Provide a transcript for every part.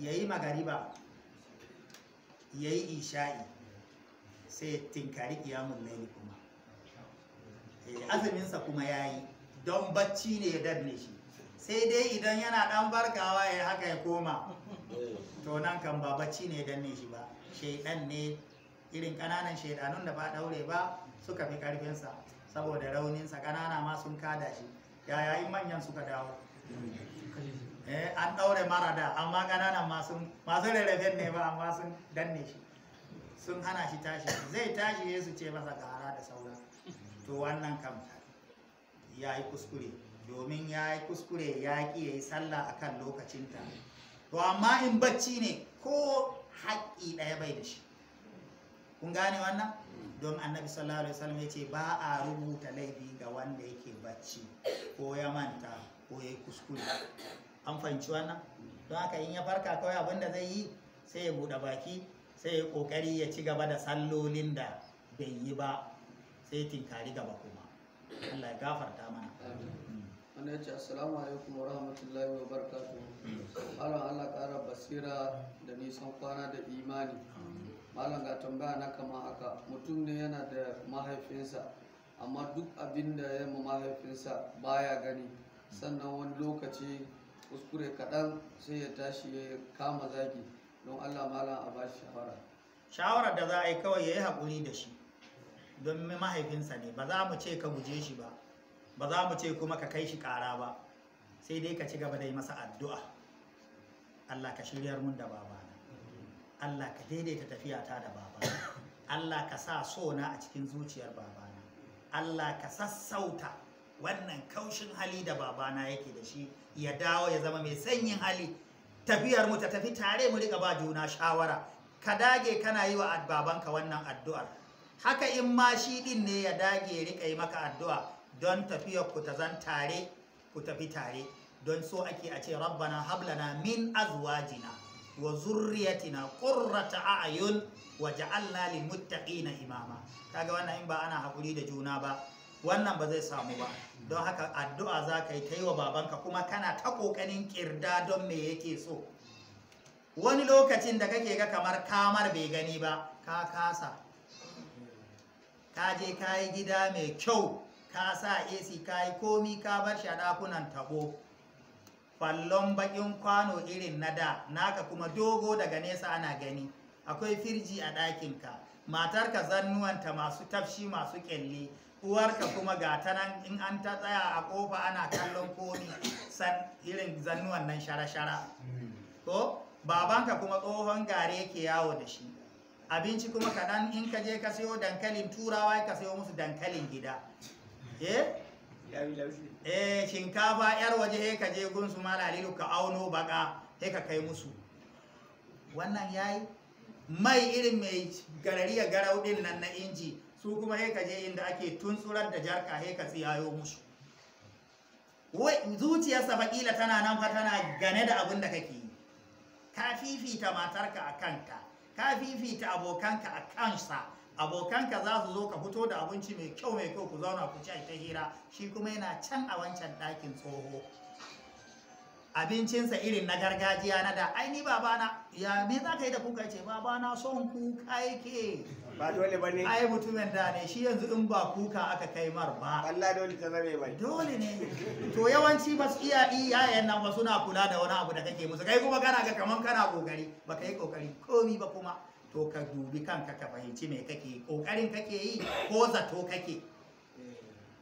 ya yi magariba ya yi isha'i sai tinkari kiyamun laili kuma eh, azuminsa kuma ya yi don bacci ne ya danne shi sai dai idan yana dan barkawa ya haka ya koma to nan kan ba bacci ne ya danne shi ba shaidan ne irin kananan shaidanun da ba daure ba suka fi karfinsa saboda rauninsa kanana ma sun kada shi yaya manyan suka dawo Eh, an ɗaure mara da amma ƙananan masu masu rarrafen ne ba amma sun danne shi sun hana shi tashi zai tashi ya su ce masa gara da sauran to wannan kam ya yi kuskure domin ya yi kuskure ya ƙi ya yi sallah a kan lokacinta to amma in bacci ne ko haƙƙi ɗaya bai da shi kun gane wannan don annabi sallallahu alaihi wasallam ya ce ba a rubuta laifi ga wanda yake bacci ko ya manta ko ya kuskure an fahimci wannan don haka in ya farka kawai abinda zai yi sai ya buɗe baki sai ya ƙoƙari ya ci gaba da sallolin da bai yi ba sai tinkari gaba kuma Allah ya gafarta mana wanda ya ce assalamu alaikum wa rahmatullahi wa barakatu malam Allah ƙara basira da nisan kwana da imani malam ga tambaya na kama haka mutum ne yana da mahaifinsa amma duk abin da ya mahaifinsa baya gani sannan wani lokaci kuskure kaɗan sai ya tashi ya kama zagi don allah malam a ba shi shawara shawarar da za a yi kawai ya yi haƙuri da shi don mahaifinsa ne ba za mu ce ka guje shi ba ba za mu ce kuma ka kai shi ƙara ba sai dai ka ci gaba da yi masa addu'a allah ka shiryar mun da babana allah ka daidaita tafiyata da babana allah ka sa sona a cikin zuciyar babana allah ka sassauta wannan kaushin hali da babana yake da shi ya dawo ya zama mai sanyin hali tafiyar mu ta tafi tare mu rika ba juna shawara ka dage kana yi wa babanka wannan addu'ar haka in ma shi din ne ya dage rika yi maka addu'a don tafiyar ku ta zan tare ku tafi tare don so ake a ce rabbana hablana min azwajina wa zurriyatina qurrata a'yun waj'alna ja'alna lil muttaqina imama kaga wannan in ba ana hakuri da juna ba wannan ba zai samu ba don haka addu'a za ka yi ta yi wa babanka kuma kana ta ƙoƙarin ƙirda don me yake so wani lokacin da kake ga kamar kamar bai gani ba ka kasa ka je ka yi gida mai kyau ka sa ac ka yi komi ka bar shi a ɗakunan taɓo fallon baƙin kwano irin na da naka kuma dogo daga nesa ana gani akwai firji a ɗakinka matarka zannuwanta masu tafshi masu ƙyalli uwarka kuma ga ta nan in an ta tsaya a kofa ana kallon komi san irin zannuwan nan shara-shara ko babanka kuma tsohon gare yake yawo da shi abinci kuma kaɗan in ka je ka sayo dankalin turawa ka sayo musu dankalin gida eh eh shinkafa yar waje ka je gunsu malalilu ka auno baka he ka kai musu wannan yayi mai irin mai garari ya garau din nan na inji su kuma he ka je inda ake tuntsurar da jarka he ka tsiyayo musu wai zuciyarsa Fakila tana nan fa tana gane da abin da kake yi ka fifita matarka a kanka ka fifita abokanka a kansa abokanka za su zo ka fito da abinci mai kyau mai kyau ku zauna ku ci ta hira shi kuma yana can a wancan ɗakin tsoho abincinsa irin na gargajiya na da aini babana ya me za ka yi da kuka ce babana son kuka yake ba dole ba ne ai mutumin da ne shi yanzu in ba kuka aka kai mar ba Allah dole ta zame bai dole ne to yawanci su iya iyayen nan ba suna kula da wani abu da kake musu kai kuma kana ga kaman kana kokari ba kai kokari komi ba kuma to ka dubi kanka ka fahimci me kake kokarin kake yi ko zato kake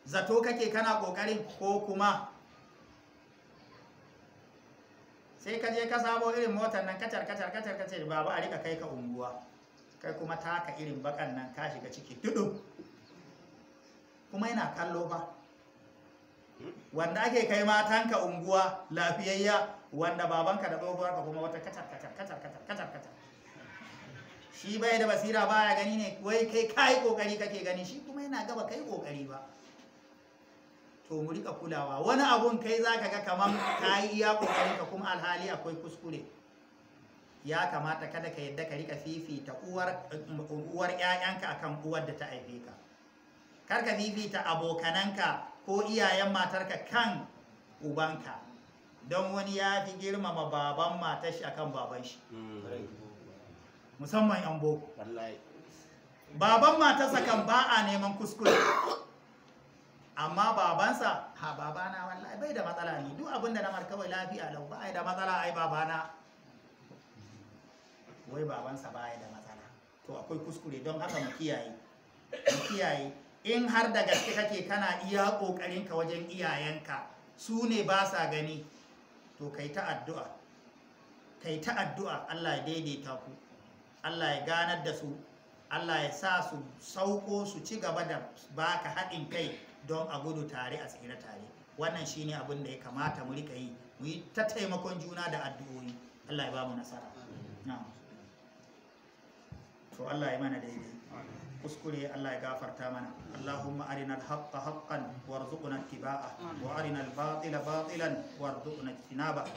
zato kake kana kokarin ko kuma sai ka je ka sabo irin motar nan kacar kacar kacar kacar babu a rika kai ka unguwa kai kuma taka irin bakan nan ka shiga ciki tudu kuma yana kallo ba wanda ake kai matan ka unguwa lafiyayya wanda babanka da ka kuma wata kacar kacar kacar kacar kacar kacar shi bai da basira baya gani ne wai kai kai kokari kake gani shi kuma yana gaba kai kokari ba to mu rika kulawa wani abun kai zaka ga kamar ka yi iya kokarin ka kuma alhali akwai kuskure ya kamata kada ka yadda ka rika fifita uwar uwar ƴaƴanka akan uwar da ta haife ka kar ka fifita abokananka ko iyayen matarka kan ubanka don wani ya fi girmama baban matar shi akan baban shi musamman yan boko baban matarsa kan ba a neman kuskure amma babansa ha babana wallahi bai da matsala ne duk abin da na wai lafiya lau ba da matsala ai babana wai babansa ba da matsala to akwai kuskure don haka mu kiyaye mu kiyaye in har da gaske kake kana iya ka wajen iyayenka su ne ba sa gani to kai ta addu'a kai ta addu'a Allah ya daidaita ku Allah ya ganar da su Allah ya sa su sauko su ci gaba da baka haɗin kai don a gudu tare a tsira tare wannan shine abin da ya kamata mu rika yi mu yi ta taimakon juna da addu'o'i Allah ya ba mu nasara to Allah ya mana daidai kuskure Allah ya gafarta mana Allahumma arina al-haqqa haqqan warzuqna ittiba'a wa arina al-batila batilan warzuqna ijtinaba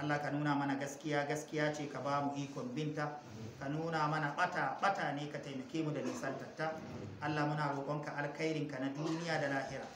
Allah ka nuna mana gaskiya gaskiya ce ka ba mu ikon binta ka nuna mana bata bata ne ka taimake mu da nisantatta Allah muna roƙonka ka na duniya da lahira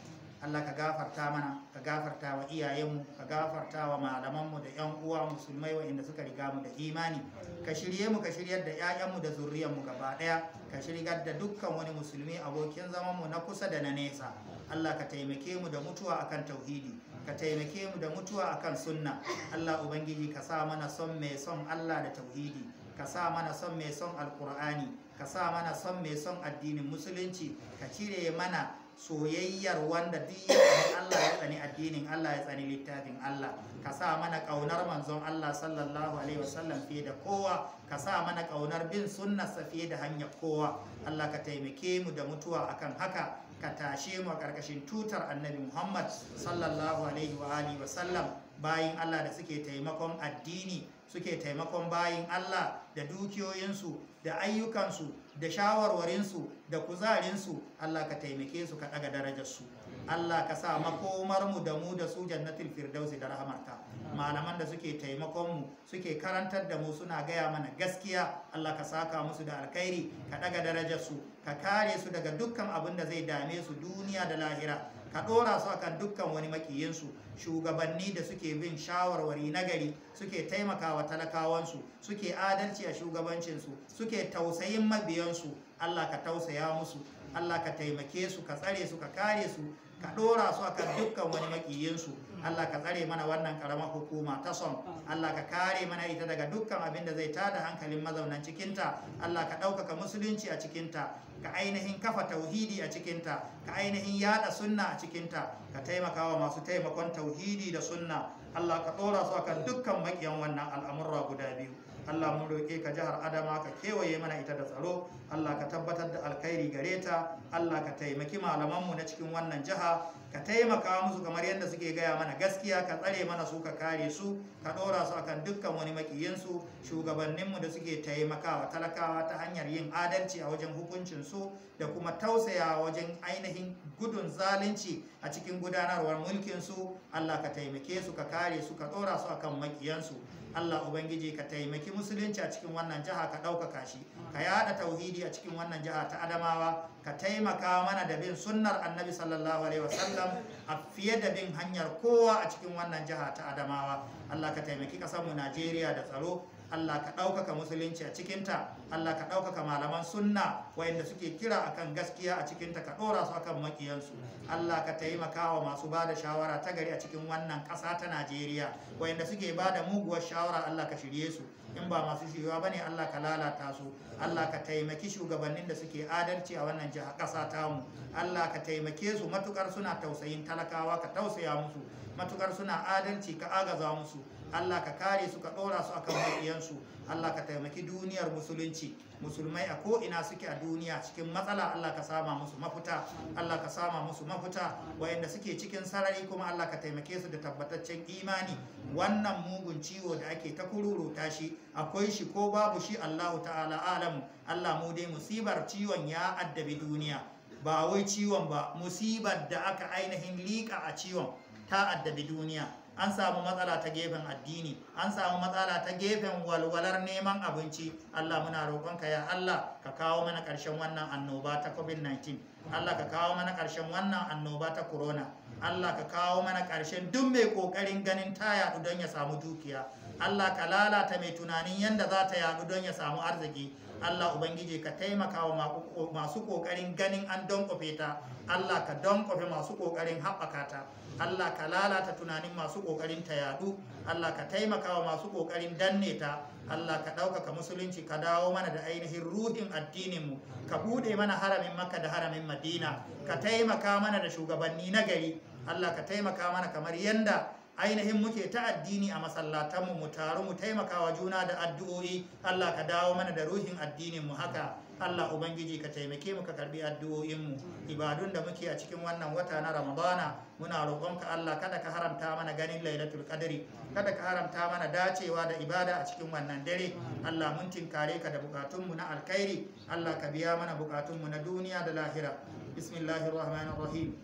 Allah ka gafarta mana ka gafarta wa iyayenmu ka gafarta wa malamanmu da yan uwa musulmai inda suka riga mu da imani ka shirye mu ka shiryar da ƴaƴanmu da zurriyanmu gaba ɗaya ka shiryar da dukkan wani musulmi abokin zaman mu na kusa da na nesa Allah ka taimake mu da mutuwa akan tauhidi ka taimake mu da mutuwa akan sunna Allah ubangiji ka sa mana son mai son Allah da tauhidi ka sa mana son mai son alkur'ani ka sa mana son mai son addinin musulunci ka cire mana soyayyar wanda duk Allah ya tsani addinin Allah ya tsani littafin Allah ka sa mana kaunar manzon Allah sallallahu alaihi wasallam fiye da kowa ka sa mana kaunar bin sunnarsa fiye da hanyar kowa Allah ka taimake mu da mutuwa akan haka ka tashe mu a ƙarƙashin tutar annabi Muhammad sallallahu alaihi wasallam bayin Allah da suke taimakon addini suke taimakon bayin Allah da dukiyoyinsu da ayyukansu da shawarwarinsu da kuzarinsu Allah ka taimake su ka ɗaga darajarsu Allah ka sa makomarmu da mu da su jannatul firdausi da rahamarka malaman da suke taimakon mu suke karantar da mu suna gaya mana gaskiya Allah ka saka musu da alkhairi ka ɗaga darajarsu ka kare su daga dukkan abin da zai dame su duniya da lahira ka ɗora su akan dukkan wani makiyinsu shugabanni da suke bin shawarwari nagari suke taimakawa talakawansu suke adalci a shugabancinsu suke tausayin mabiyansu Allah ka tausaya musu Allah ka taimake su ka tsare su ka kare su ka dora su akan dukkan wani makiyinsu Allah ka tsare mana wannan karamar hukuma ta son Allah ka kare mana ita daga dukkan abin da zai tada hankalin mazaunan cikinta Allah ka ɗaukaka musulunci a cikinta ka ainihin kafa tauhidi a cikinta ka ainihin yada sunna a cikinta ka taimaka wa masu taimakon tauhidi da sunna Allah ka ɗora su akan dukkan makiyan wannan al'amurra guda biyu Allah mun roƙe ka jihar Adama ka kewaye mana ita da tsaro Allah ka tabbatar da alkhairi gare ta Allah ka taimaki malamanmu na cikin wannan jiha ka taimaka musu kamar yadda suke gaya mana gaskiya ka tsare mana su ka kare su ka ɗora su akan dukkan wani makiyinsu shugabanninmu da suke taimakawa talakawa ta hanyar yin adalci a wajen hukuncin su da kuma tausaya wajen ainihin gudun zalunci a cikin gudanarwar mulkin su Allah ka taimake su ka kare su ka ɗora su akan makiyansu Allah ubangiji ka taimaki musulunci a cikin wannan jiha ka ɗaukaka shi ka yada tauhidi a cikin wannan jiha ta adamawa ka taimaka mana da bin sunnar annabi sallallahu alaihi wasallam a fiye da bin hanyar kowa a cikin wannan jiha ta adamawa Allah ka taimaki ƙasarmu Najeriya da tsaro Allah ka ɗaukaka musulunci a cikinta Allah ka ɗaukaka malaman sunna wayanda suke kira akan gaskiya a cikinta ka ɗora su akan makiyansu Allah ka taimaka wa masu ba da shawara ta gari a cikin wannan ƙasa ta Najeriya wayanda suke ba da muguwar shawara Allah ka shirye su in ba masu shiryuwa ba ne Allah ka lalata su Allah ka taimaki shugabannin da suke adalci a wannan jiha ƙasa tamu Allah ka taimake su matukar suna tausayin talakawa ka tausaya musu matukar suna adalci ka agaza musu Allah ka kare su ka ɗora su kan maƙiyansu Allah ka taimaki duniyar musulunci musulmai a ko ina suke a duniya cikin matsala Allah ka sama musu mafuta Allah ka sama musu mafuta wayanda suke cikin sarari kuma Allah ka taimake su da tabbataccen imani wannan mugun ciwo da ake ta kururuta shi akwai shi ko babu shi Allah ta'ala alamu Allah mu dai musibar ciwon ya addabi duniya ba wai ciwon ba musibar da aka ainihin liƙa a ciwon ta addabi duniya an samu matsala ta gefen addini an samu matsala ta gefen walwalar neman abinci Allah muna roƙonka ya Allah ka kawo mana ƙarshen wannan annoba ta covid-19 Allah ka kawo mana ƙarshen wannan annoba ta corona Allah ka kawo mana ƙarshen duk mai ƙoƙarin ganin ta yaɗu don ya samu dukiya Allah ka lalata mai tunanin yadda za ta yaɗu don ya samu arziki Allah ubangiji ka taimaka wa masu ƙoƙarin ganin an donkofe ta Allah ka donkofe masu ƙoƙarin haɓaka ta Allah ka lalata tunanin masu ƙoƙarin ta yadu Allah ka taimaka wa masu ƙoƙarin danne ta Allah ka ɗaukaka musulunci ka dawo mana da ainihin ruhin addininmu ka buɗe mana haramin makka da haramin madina ka taimaka mana da shugabanni na gari Allah ka taimaka mana kamar yanda ainihin muke ta addini a masallatanmu mu taru mu taimakawa juna da addu'o'i Allah ka dawo mana da ruhin addinin mu haka Allah ubangiji ka taimake mu ka karbi addu'o'in mu ibadun da muke a cikin wannan wata na Ramadana muna roƙonka Allah kada ka haramta mana ganin Lailatul Qadri kada ka haramta mana dacewa da ibada a cikin wannan dare Allah mun tinkare ka da bukatunmu na alkhairi Allah ka biya mana bukatun mu na duniya da lahira bismillahir rahmanir rahim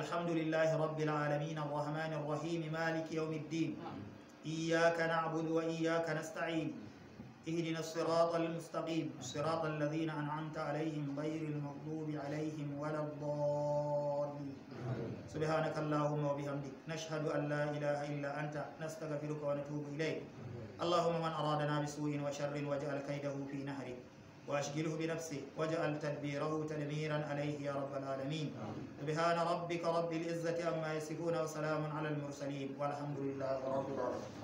الحمد لله رب العالمين الرحمن الرحيم مالك يوم الدين إياك نعبد وإياك نستعين اهدنا الصراط المستقيم الصراط الذين أنعمت عليهم غير المغضوب عليهم ولا الضالين سبحانك اللهم وبحمدك نشهد أن لا إله إلا أنت نستغفرك ونتوب إليك اللهم من أرادنا بسوء وشر واجعل كيده في نهره وأشغله بنفسه واجعل تدبيره تدميرا عليه يا رب العالمين سبحان ربك رب العزة عما يصفون وسلام على المرسلين والحمد لله رب العالمين